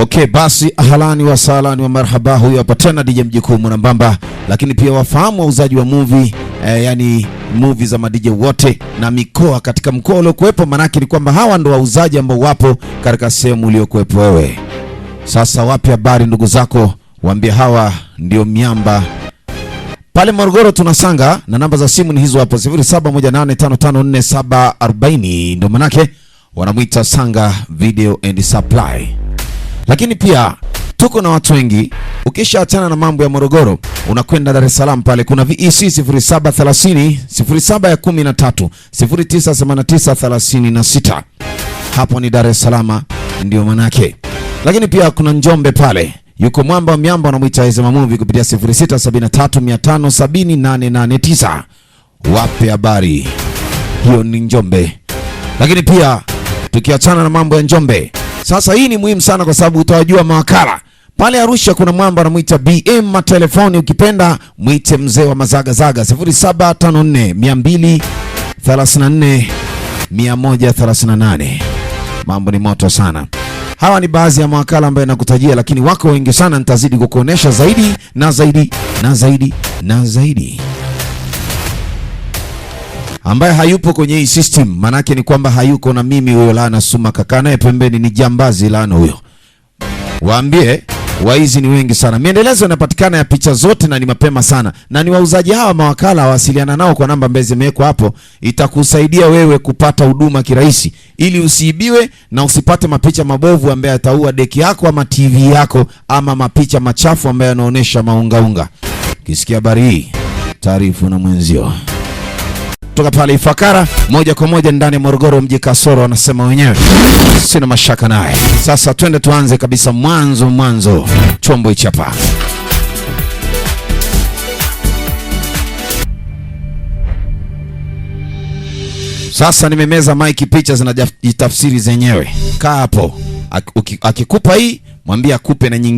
Okay, basi ahalani wa salani wa marhaba, huyo hapa tena DJ mjukuu Mwanambamba, lakini pia wafahamu wauzaji wa movie eh, yani movie za madije wote na mikoa katika mkoa uliokuwepo, maanake ni kwamba hawa ndo wauzaji ambao wapo katika sehemu uliokuwepo wewe. Sasa wapi habari ndugu zako, waambie hawa ndio miamba pale Morogoro tunasanga, na namba za simu ni hizo hapo 0718554740 ndio manake wanamwita Sanga Video and Supply. Lakini pia tuko na watu wengi, ukishaachana na mambo ya Morogoro unakwenda Dar es Salaam, pale kuna VEC 0730 0713 098936 hapo ni Dar es Salaam, ndio manake. Lakini pia kuna Njombe pale yuko mwamba wa miamba anamwita Ezema Movie kupitia 0673570889 wape habari hiyo ni Njombe. Lakini pia tukiachana na mambo ya Njombe sasa hii ni muhimu sana kwa sababu utawajua mawakala pale Arusha kuna mwamba anamwita BM matelefoni, ukipenda mwite mzee wa mazagazaga 0754 234 138. Mambo ni moto sana. Hawa ni baadhi ya mawakala ambayo nakutajia, lakini wako wengi sana, nitazidi kukuonesha zaidi na zaidi na zaidi na zaidi ambaye hayupo kwenye hii system, maanake ni kwamba hayuko na mimi. Huyo Lana suma kakaa naye pembeni, ni jambazi lana huyo. Waambie waizi ni wengi sana. Miendelezo inapatikana ya picha zote na ni mapema sana, na ni wauzaji hawa mawakala, wasiliana nao kwa namba ambazo zimewekwa hapo, itakusaidia wewe kupata huduma kirahisi, ili usiibiwe na usipate mapicha mabovu ambayo yataua deki yako ama TV yako ama mapicha machafu ambayo yanaonyesha maungaunga. Kisikia habari hii, taarifu na mwenzio kutoka pale Ifakara moja kwa moja ndani ya Morogoro mji kasoro, wanasema wenyewe, sina mashaka naye. Sasa twende tuanze kabisa mwanzo mwanzo, chombo hichi hapa. Sasa nimemeza Mike, picha zinajitafsiri zenyewe. Kaa hapo, akikupa hii mwambie akupe na nyingine.